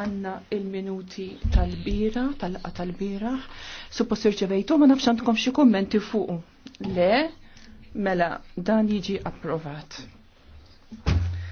għanna il-minuti tal-bira, tal-qa tal-bira, suppos irċevejtu, ma nafx għandkom xie kommenti fuq. Le, mela, dan jiġi approvat.